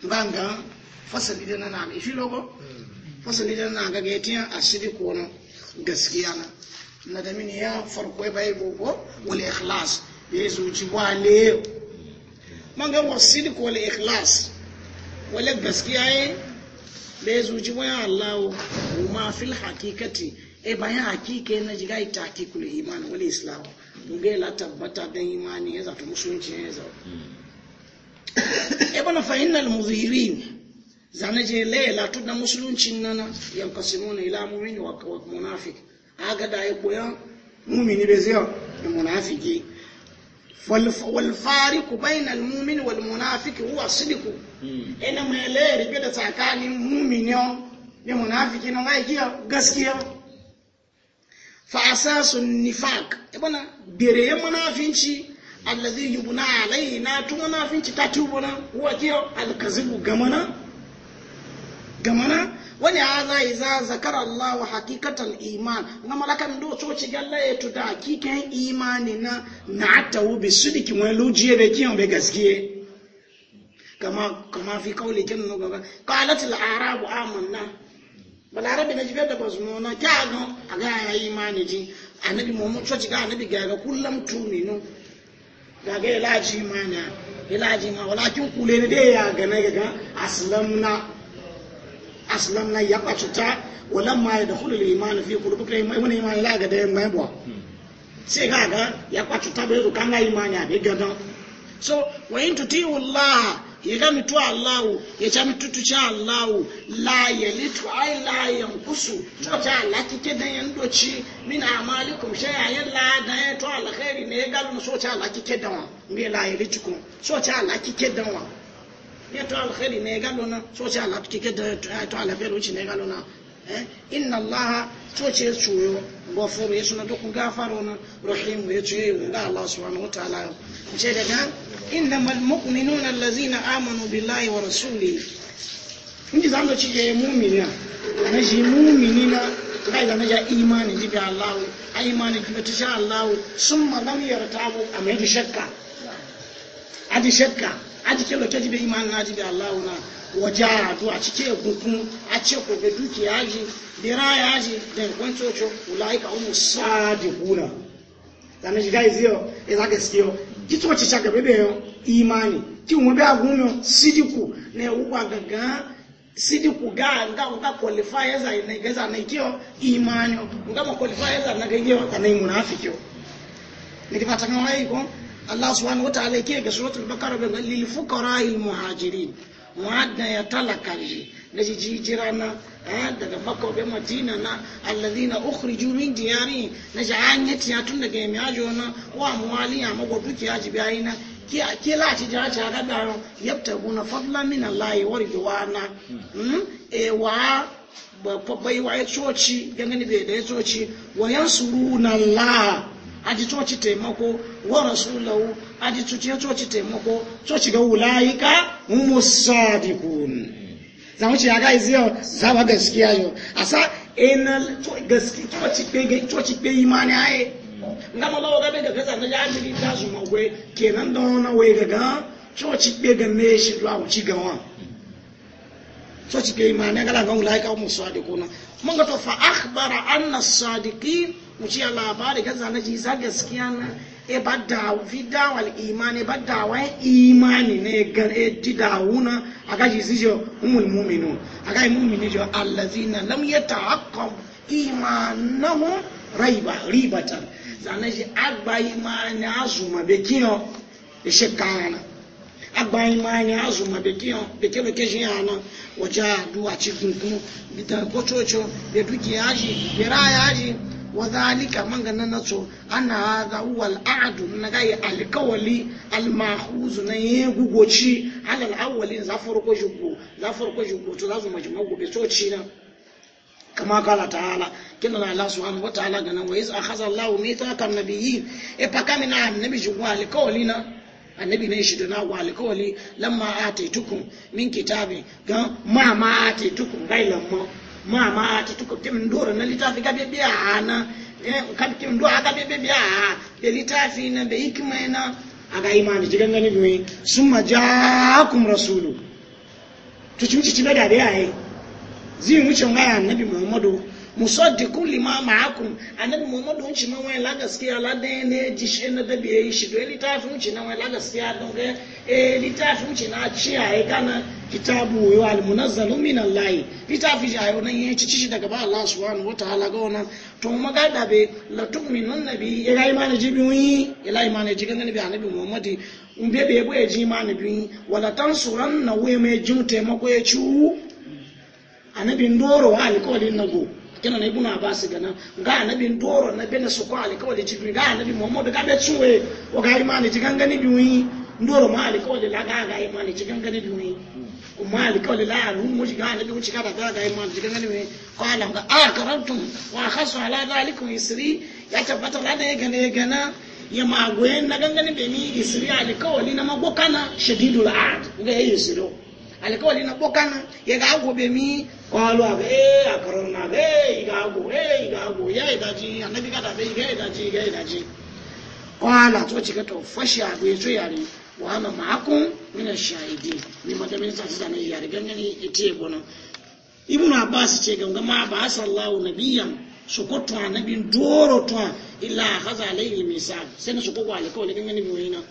ban ga fasali da na na shi logo fasali da na ga ga tiyan asidiku na gaskiya na na da min ya farko bai bo ko wal ikhlas bai zuci wale man ga wasidi ko wal ikhlas wala gaskiya ye da zuci bayan Allah ma fil hakikati e bayan hakike na jiga ita hakikul iman wal islam mun ga la tabbata dan imani ya zato musulunci ya zato e bana fa innal mudhirin zana je le la tudda musulunci nana yan kasimuna ila mu'min wa munafiq aga da ya koyan mu'mini be zai munafiki walfariku bainal mumin wal munafiki huwa sidiku hmm. ina mai layar da tsakanin muminiyon da munafiki na aiki gaskiya fa asasun nifaq ibana e bere ya munafinci allazi yubna alai na tun munafinci ta tubuna huwa kiyo alkazibu gamana gamana wani a za hadha idza zakar Allah hakikatan iman na malaka ndo ci galla ya tuta hakikan imani na na wubi bi diki wani lujiye bai kiyon bai gaskiye kama kama fi kauli kin no gaba qalat arabu arab amanna balarabi na jibe da bazmo na kya ga aga ya imani ji annabi mu chochi ga annabi ga ga kullam tuminu ga ga ilaji imani ilaji ma walakin ne de ya ga na ga aslamna aslamna ya kwatuta walan ma ya dakhulu al-iman fi qulubi kai mun iman la ga da mai bo sai ga ga ya kwatuta bai zu kan ga imani bi gadan so wa in tutiu Allah ya ga mitu Allah ya cha tu cha Allah la litu ai la kusu to ta Allah kike dan yan doci min amalikum shay ya la da ya to alkhairi ne ga mu so cha Allah kike dan wa me la ko so cha Allah kike dan wa yeto alkheri ne galona soce ala kike da to ala fero ci ne galona eh inna allah soce suyo gofuru yesu na dukun gafaro na rahim yesu yi da allah subhanahu wa ta'ala ce daga innamal mu'minuna allazina amanu billahi wa rasulihi inji zamu ci je mu'mina na shi mu'minina kai da naja imani jibi allah a imani jibi ta sha allah summa lam yartabu amma ji shakka adi shakka aji ke lo keji be iman na aji be allah na waja to a cike gunkun a ce ko be duki aji be raya aji da kwanto cho ulaika hum sadiquna dan ji guys yo is like skill kito ci chaka be be imani ki mo be agunyo sidiku ne uwa gaga sidiku ga nga nga qualifier za ne gaza ne kio imani nga ma qualifier za na gaga yo tanai munafiki yo nikipata kama hiko الله سبحانه وتعالى كي سورة البقرة للفقراء المهاجرين mu'adna ya talaka shi da shi jijira na daga makobe madina na alladhina ukhriju min diyari na ji an ya tiya tun daga yami ajo na wa muwali ya mago duki ya ji ayi na ki la ci jira ci a gada yau yabta guna fadla min allahi wa ridwana hmm? e wa babbai wa ya coci gangani bai da ya coci wa yansuruna allah aji coci taimako wa rasulahu aji cuciya coci taimako coci ga wulayika umu sadikun za mu ce ya gai ziyar za ba gaskiya yau a sa enal coci pe imani aye nga ma lawa gabe daga zanen ya amiri ta su magwai kenan da wani wai gaga coci pe ga ne shi zuwa wuci gawa coci pe imani ga lagan wulayika umu sadikun mun ga to fa akhbara anna sadiki. mu ci labari kan zane ji za gaskiya na e ba da fi dawal imani ba da wani imani ne gan e dawuna a gaji su jo umul muminu a gaji mumini jo allazina lam yata hakkam imanahu raiba ribatan zane ji agba imani azuma bekiyo e shekana agba imani azuma bekiyo bekiyo keshin yana wajen aduwa cikin kuma bitan kococo da dukiya ji bera ya ji وذلك من غنى نصر أن هذا هو الأعد نغاي الكولي المأخوذ نيغو غوشي على الأولين زفر كوجوكو زفر كوجوكو تلازم مجموعو بسوتشينا كما قال تعالى كنا الله سبحانه وتعالى غنى وإذ أخذ الله ميثاق النبيين إبقامنا النبي جوا الكولينا annabi ne shi dana wa alkawali lamma ataitukum min kitabi ga ma ma ataitukum gailan mu mama ma ti tuko tim ndoro na litafi ga bebe ana kan tim ndo na be hikima na aga summa jaakum rasulu to cimci ci bada eh. zai wuce ngaya annabi muhammadu musaddiqun lima ma'akum annabi muhammadu un ci nan wai la gaskiya la dan ne ji shi na da biye shi do litafin ci nan wai la gaskiya don ga eh litafin ci na ci ai kana kitabu wa al munazzalu min allahi litafin ji ayo nan yace ci daga ba allah subhanahu wataala ga wannan to maga da be la tu'minun nabi ya ga imani ji biwi ya la imani ji ga nabi annabi muhammadu un be be boye ji imani biwi wala tansuranna wa mai jin taimako ya ci annabin doro wa alƙawarin nago kina na ba su gana ga annabi ndoro na bene su ko ali kawai jibril ga annabi muhammad ga be tsuwe o ga imani bi biwi ndoro ma ali kawai la ga ga imani jigangani biwi kuma ali kawai la ru mu ga annabi mu cika da ga ga imani jigangani ko ala ga a karantum wa khasu ala zalikum isri ya tabbata la da ya gane ya gana ya magoyen na gangani be ni isri ali kawai na magokana shadidul ad ga yayi isri alikawali na bokana ya ga agwo bemi kwalu a eh, ga eh akarar na ga eh ga agwo eh ga ya yi daji annabi kada bai ga yi daji ya yi daji kwala to cika to fashi a bai yari yare wa ma ma'akun mina shahidi ni madamin sa su zane yare gangan ite gona abbas ce ganga ma ba sallahu nabiyan su ko to annabin doro to ila haza alayhi misal sai su ko alikawa gangan bi wayna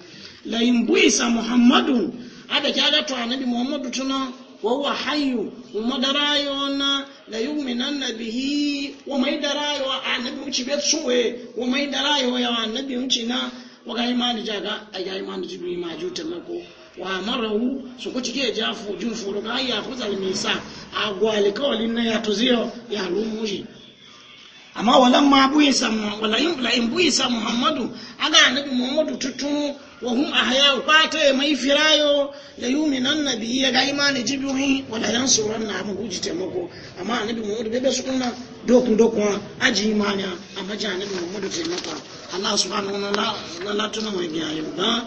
la in buisa muhammadun ada kyaga to anabi muhammadu tuna huwa hayyu umma darayo na la yuminan na bihi wa mai darayo annabi unci bet suwe wa mai darayo ya annabi unci na ga imani jaga a ga imani jibi ima juta mako wa marahu su ku cike jafu jun furu ga ya kuzal misa a gwalikawalin na ya tuziyo ya lumuji amma walan ma buyi samu walayin bulayin in buyi samu muhammadu aga annabi muhammadu tutu wa hum ahya fata mai firayo la yuminan nabi ya ga imani jibuhi wala yansuran na mu guji taimako amma annabi muhammadu bebe su kunna dokun dokun aji imani amma ji annabi muhammadu taimako allah subhanahu wa ta'ala la tuna mai biyayo ba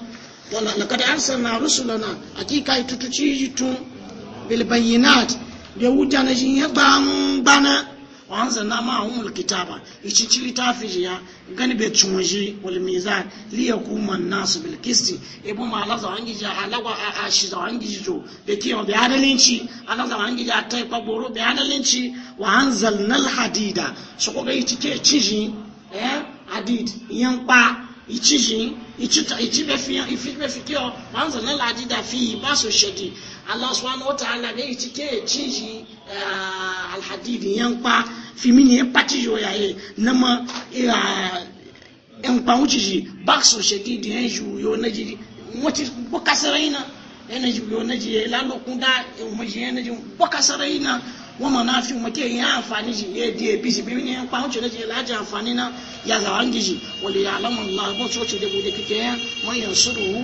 wala laqad arsalna rusulana hakika tutuci tun bil bayyinat da wuta na shi ya bana wanzana ma umul kitaba ichi chili tafiji ya gani be chumaji wal mizan li yakuma an-nas bil qist ibo ma la za wangi ja halawa a a shi za wangi jo be ki o be adalinci ala za wangi ja tai pa boro be adalinci wa anzalna al hadida su ko gai tike chiji eh hadid yan pa ichiji ichi ta ichi be fi ifi be fi ki o wanzalna al hadida fi ba so shedi allah subhanahu wa ta'ala be tike chiji Ah, fi yankpa fimini pati yo ya ye nama yankpa ah, wuce shi baksu shadidi yan ju yo na ji wace boka sarai na yana ji yo na e ji ya lalo kun da umaji yana ji boka sarai na wama na fi umake ya amfani ji ya diya bisi biyu ne yankpa wuce na ji laji amfani na ya zawangi ji wali ya alamun labar coci da bude kike yan manyan suruhu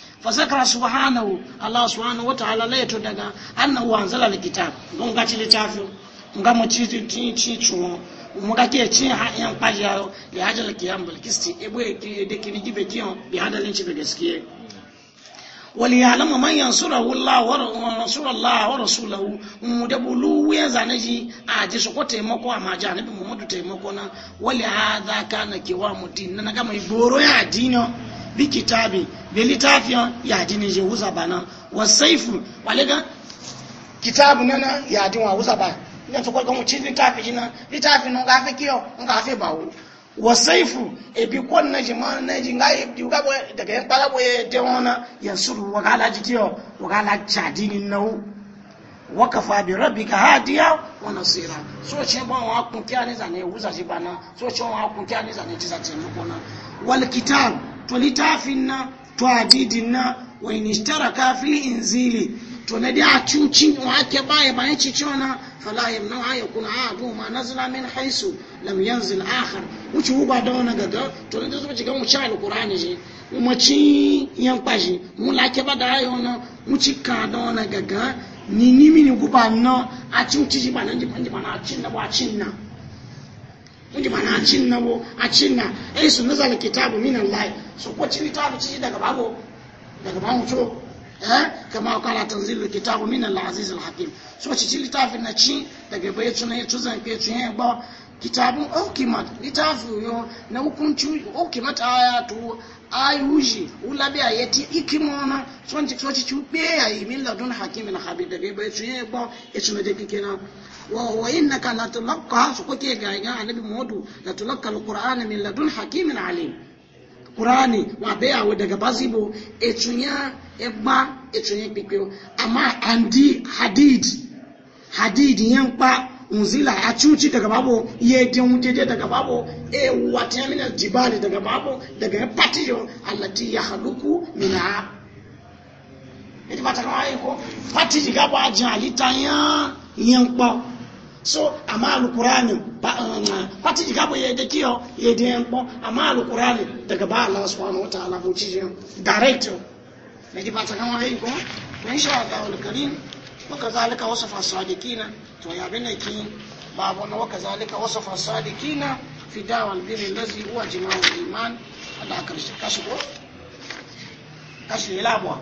fasakara subhanahu allah subhanahu wa ta'ala la yato daga annahu anzala alkitab don ga ci littafin nga mu ci ci ci chuo mu ga ke ci ha yan paji ayo li hajal qiyam bil qisti e boye ki de ki ji be kiyon bi hadalin ci be gaskiye wal ya'lamu man yansurahu allah wa mansur allah wa rasuluhu mu da bulu ya zanaji a ji su ko taimako a ma janibi muhammadu taimako na wal hadha kana kiwamu din na ga mai boro ya dino Bikitabi, kitabi bi littafiyan yadi ne je wuza bana wa saifu wale ga kitabu nana dini wa wuza ba ina to kwa mu cin littafi jina littafi no ga fe kiyo ga fe bawo wa saifu e bi kon na je man na je ngai bi ga bo daga yan pala bo ye de wona yansuru wa gala jikiyo wa gala chadini nau wakafa bi rabbika hadiya wa nasira so ce ba wa kun kiya ne zane wuza shi bana so ce wa kun kiya ne zane tisa tin ko na wal kitab to littafin na to hadidin na wa in ishtaraka fil inzili to na da cuci wa ake baya bayan cici wana fala yamna ya kuna adu ma nazla min haisu lam yanzil akhar wuce huba da wani gaga to da zuba cikin mu ci alqur'ani shi mu ci yan kwashi mu lake ba da ayo na mu ci ka da wani gaga ni ni mini guba na a ci ji ba nan ji ban ji ba na cin na ba cin na mun ji mana cin na wo a cin na eh su nazala kitabu min Allah su ko ci ta ci daga babu, daga bamu to eh kama kala tanzilu kitabu min Allah azizul hakim so ci ci litafin na ci daga ba bai tuna ya tuzan ke tun ya ba kitabun okimat litafu yo na hukunci okimat ayatu ayuji ulabi ayeti ikimona so ci so ci ci be ya min ladun na habi daga ba bai tun ya ba ya tuna da kike na وهو إنك لا تلقى سكوكي غايغا النبي مودو لا تلقى القرآن من لدن حكيم عليم kurani وابيع be بازيبو daga basibo اتنيا بيكيو etunya عندي ama andi hadid hadid yan pa unzila acuci daga babo ye din jeje daga babo e wata mina jibali daga babo daga patiyo allati yahluku minha ba ta kama ko ba so amma alkurani pati um, ji gabo yede kiyo yede yanko amma alkurani daga ba Allah subhanahu ala mu ci jin direct ne ji fata kama yi ko in sha Allah alkarim wa wasu fasadi kina, to ya na ki babu na wa wasu fasadi kina, fi dawal birri uwa huwa jima'ul iman Allah karshe kashi ko kashi labuwa.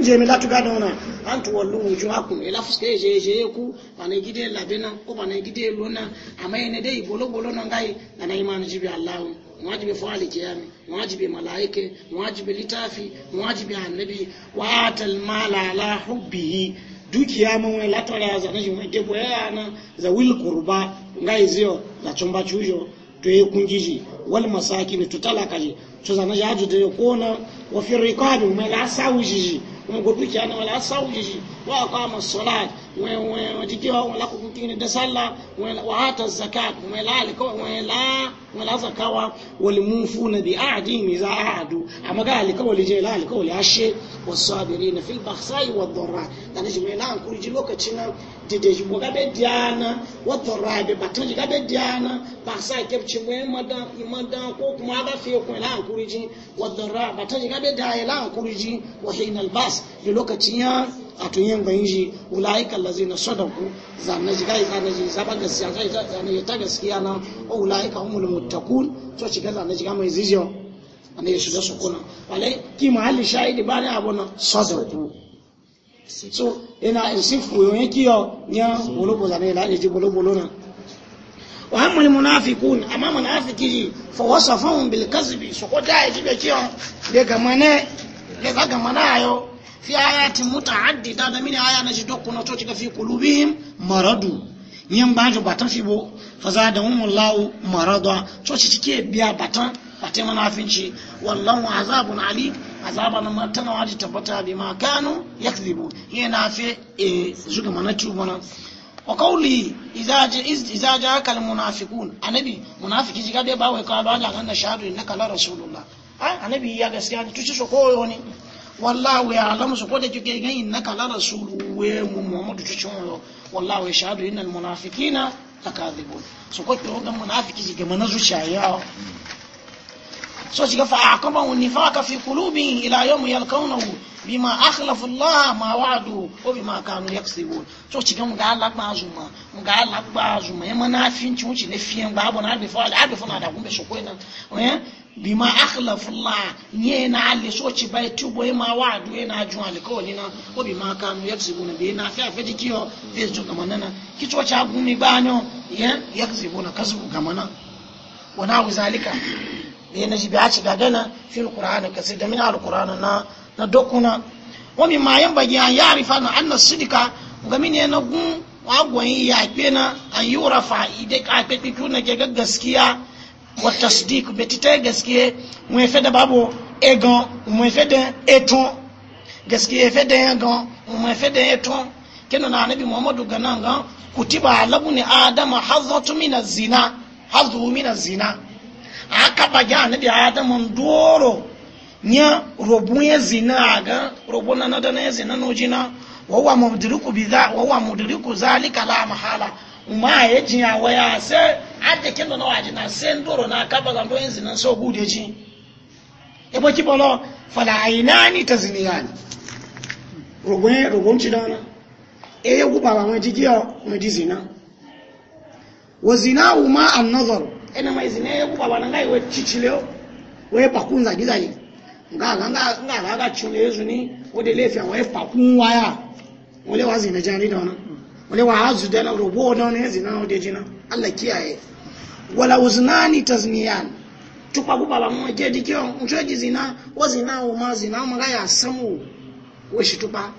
nje mi latu ona antu wallu muju hakum ila fuske je je ku bana gide labena ko bana gide lona amma ene dai bolo bolo na ngai na imani jibi allah mwajibi fali kiyami mwajibi malaike mwajibi litafi mwajibi annabi wa atal mala ala hubbihi dukiya mun wani latara ya zane shi mai gebo za wil kurba ngai ziyo za chumba chujo to yi kungiji wal masakin to ji to zane ya ju da kona wa fi riqabi mai la sawu ngudu kyana wala sauji shi wa aqama as-salat wa jikiwa wala ku kini da sallah wa ata zakat wa la alika wa la wa la zakawa wal mufuna bi a'dihim idha ahadu amma ga alika wal je la alika wal ashe was sabirin fil bakhsa'i wad dharra dan shi mai na an kurji lokacin nan dede rabe batun shi gabe diana ba sa imada ko kuma ga fiye ko la la hin ya ulaika allazina sadaku zanna zanna ya ta gaskiya na ulaika humul muttaqun to shi ga zanna shi mai zijo ne shi da wale ki mahalli shahidi bani abuna sadaku so ina isifu yoyin kiyo ya bolobo zane la ji bolobolo na wa hammul munafiqun amma munafiqi fa wasafahum bil kazbi so ko da ji be kiyo de ga mane de ga ga mana ayo fi ayati mutaaddida da mini aya na ji dokku na to ga fi qulubihim maradu yin ba ju batan fi bo fa zadahum allah marada to ci ke biya batan batan munafinci wallahu azabun alim azaba na matana waje tabbata bi ma kanu yakzibu yana fe e zuga mana tubana wa qawli idza idza jaaka al munafiqun annabi munafiki jiga be bawe ka ba ja kan da shahadu innaka kala rasulullah ai annabi ya gaskiya ne tuci so koyo ne wallahu ya alamu su kode kike gan innaka la rasulu we mu muhammadu tuci mu wallahu ya shahadu innal munafiqina lakadhibun so ko to ga munafiki jiga mana zuciya so shiga fa aqabahu nifaqa fi qulubihim ila yawm yalqawnahu bima akhlafa bi ma wa'adu wa bima kanu yaksibun so shiga mu ga Allah ba zuma mu ga Allah ba zuma yamma na fin ci wuce ne fiyan ba abu na da a da fa na da gumbe shukoi nan eh bima akhlafa Allah ne na ali so ci bai tubo e ma wa'adu yana juwa alkawali na bi ma kanu yaksibun bi na fa fa dikiyo fi ju kamana na kicho cha gumi banyo yan eh? yaksibuna kasu na wa na zalika be na ji biya ci gagana fi fil ka sai da min al na na dokuna wa min ma yan bagi an ya'rifa na anna sidika ga min na gun wa gwayin ya pe na an yurafa ide ka pe pitu na ga gaskiya wa tasdiq ta gaskiya mu fe da babu egan mu fe da eton gaskiya fe da egan mu fe da eton kenan na annabi muhammadu ganan gan kutiba ne adama hazatu min zina hazu min zina aka bagi annabi adam doro nya robu ya zina ga robu na na dana ya zina no jina wa huwa mudriku bidha wa huwa mudriku zalika la mahala uma ya jinya waya sai adda kendo na wajina sai ndoro na aka baga ndo zina nan so bude ji ebo kibolo fala ainani taziniyani robu robu chidana e guba ba ma jigiya ma jizina wa zina uma an nazaru ene maizine yekupa wana ngaiwe chichileo wepakunza dizali ngakanga chule yezuni wode lefya wepakunwa ya wole wazine jani dona wole wahazu dana robo dona yezina wode jina Allah kiyaye wala uznani tazniyan tukpa kupa bamwe jedi kyo mchweji zina wazina uma zina uma gaya samu weshi tukpa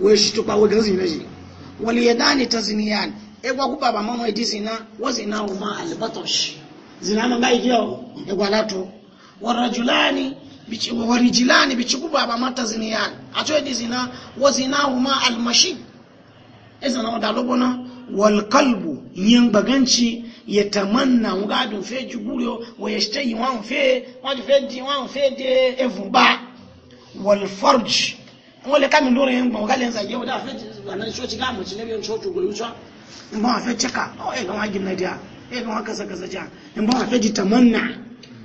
weshi tukpa wega zina ji waliyadani tazniyan egwa ku baba mama edi zina wa zina huma albatosh zina manga igiyo egwa warajulani bichi warijilani bichi ku baba mata ziniyani acho edi zina wa zina huma almashi eza na odalobona wal qalbu baganci ya tamanna ngadun fe juguro wa yashtayi wan fe wan fe di wan fe de evumba wal farj in ba fe cika o e ga gina nadia e ga waka saka saja in ba fe ji tamanna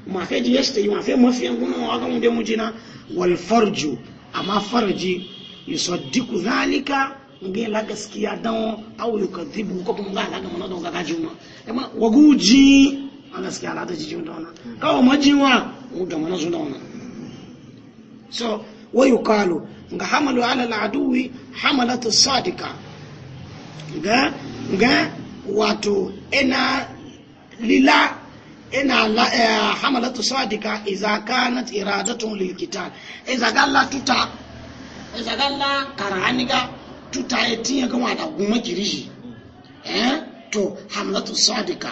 ma fe ji yi ma fe mafiyan kuma wa ga mun be mujina wal farju amma farji yusaddiqu zalika nge la gaskiya dan au yukadhibu ko kuma ga ga mun don ga gaji mu ma. waguji a gaskiya la ta ji jin dona kawo majiwa mu ga mun sun dona so wa yuqalu nga hamalu ala al aduwi hamalatu sadika ga ga wato ina lila ina eh, hamalatu sadika idza kanat iradatun lil qital idza galla tuta idza galla karaniga tuta yatiya ga wada guma kirishi eh to hamalatu sadika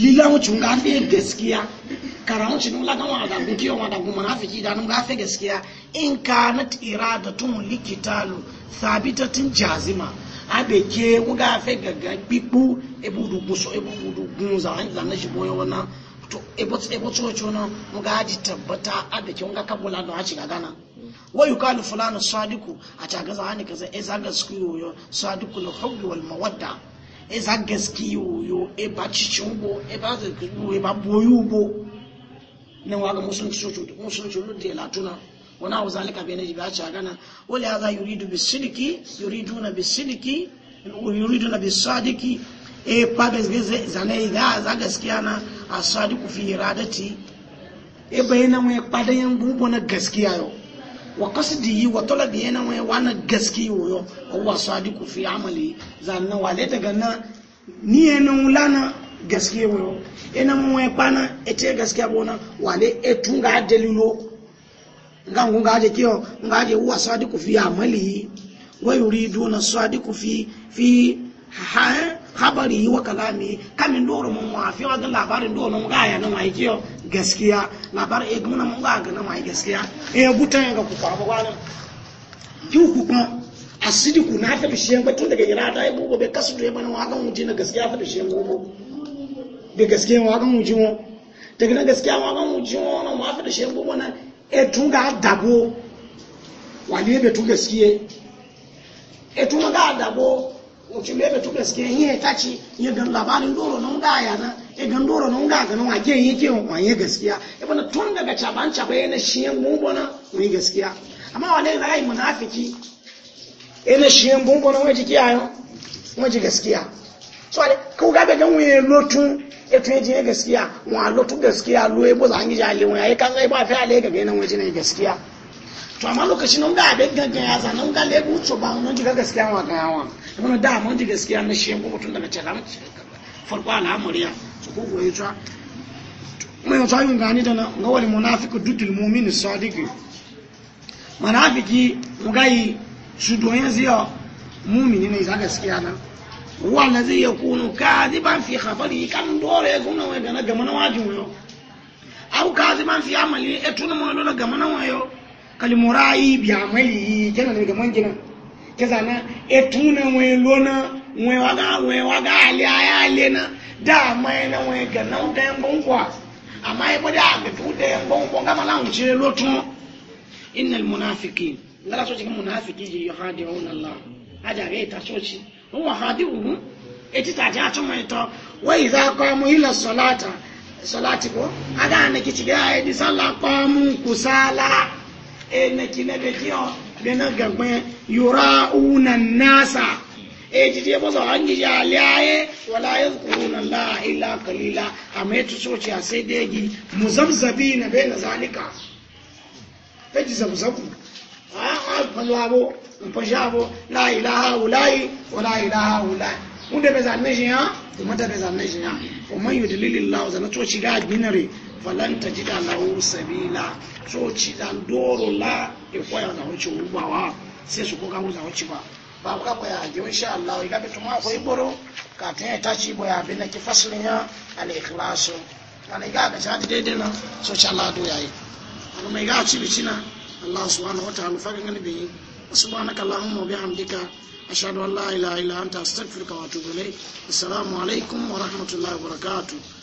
lila mu chunga fi gaskiya karamu chinu la ga wada kuma kiyo wada kuma munafiki da nun ga fi gaskiya in kanat iradatun likitalu sabitatin jazima abe ke wuga fe gaga pipu ebu dubu so ebu dubu zan zan shi boye wannan to ebo ebo to to na muga ji tabbata abe ke wuga kabula na haci ga gana wa yukalu fulanu sadiku a ta gaza hani kaza e zaga skiyo yoyo sadiku na hubbi wal mawadda e zaga skiyo yoyo e ba cicingo e ba zaga e ba ne wa ga musulunci so musulunci lu de latuna wana wa zalika bayna jibi a gana wale hadha yuridu bisidiki yuriduna bisidiki yuriduna bisadiki e pa bezgeze zane ga za gaskiya na a asadiku fi iradati e bayna mu pa da yan bubo na gaskiya yau, wa yi wa talabi yana mu wana gaskiya yo wa sadiku fi amali zanna wale daga na ni yana ulana gaskiya yau, ina mu pa na ce gaskiya bona wale etunga dalilo ngangu ngaje kio ngaje huwa sadiku fi amali wa yuriduna sadiku kufi fi ha habari wa kalami kamin doro mun wafi wa ga labarin doro mun gaya na mai kio gaskiya labarin e gumuna mun ga e e e na mai gaskiya e butan ga ku kwaba wani ki ku kun asidiku na ta bishiyan ba tun daga irada ya bugo bai kasu da ya bana wa ga mun na gaskiya ta bishiyan gobo bai gaskiya wa ga mun ji mu daga na gaskiya wa ga mun ji mu na mu afi da shi gobo na Etunga ga dabo wali ebe tu adabo, etun ga dabo mutum ebe tu gaskiye yin ta ci yin gan labarin ya na e gan doro nan ga ga nan gaskiya e bana tun daga caban caban shi yan wani gaskiya amma wale ga yi munafiki ene shi yan gumbo na tsare ko ga ga ganwe lotun eto yaji ne gaskiya wa lotu gaskiya lo e bo zangi jale wa yi kan sai ba fa ale ga ga nan waje ne gaskiya to amma lokacin nan ga da gangan ya za nan ga le bu to ba nan diga gaskiya wa ga yawa mun da mun diga gaskiya na shi ko mutun daga cewa farko al'amuriya su ko goyi ta mun yi tsayin gani da na ga wani munafiku dudul mu'min sadiqi munafiki mu gayi su doyen ziyo mumini ne za gaskiya nan huwa allazi kunu kadhiban fi khabari kan dole ya kuna wa gana gamana wajin yo au kadhiban fi amali etuna mo dole gamana wa yo kalimurai bi amali kana ne gaman gina kaza na etuna wa lona wa waga wa waga ali ali na da mai na wa gana da yan bonkwa amma ai bada ga tu da yan bonkwa kama lan wuce lotun innal munafiqin ngala so cikin munafiki ji yuhadi'una allah ga ita so ci huwa khadi'uhu eti ta ja ta mai to wa ila salata salati ko aga na kici ga kusala e na kina be kiyo be na nasa e ji je bozo hangi ya laye wala yadhkuruna allah illa qalila amma to so ci sai dai gi muzabzabina bayna zalika kaji zabzabu mazwabo ah, mpojabo la ilaha ulai wa la ilaha ulai mun da bezan ne shi ha mun da bezan ne shi ha wa man yudlilillahu zan to ci ga binare falan tajida lahu sabila so ci dan ndoro la e koya na wuce ubawa sai su ko ga wuza wuce ba ba ka koya ji insha Allah ga bitu ma koyi boro ka ta ta ci boya bin ki faslin ya al ikhlas ana ga ga ta daidai na so insha Allah do yayi me mai ga ci bicina allah subhanahu wataala faga ngani be subhanaka allahumma wa bihamdika ashhadu an la ilaha illa anta astaghfiruka wa atubu alaikum wa rahmatullahi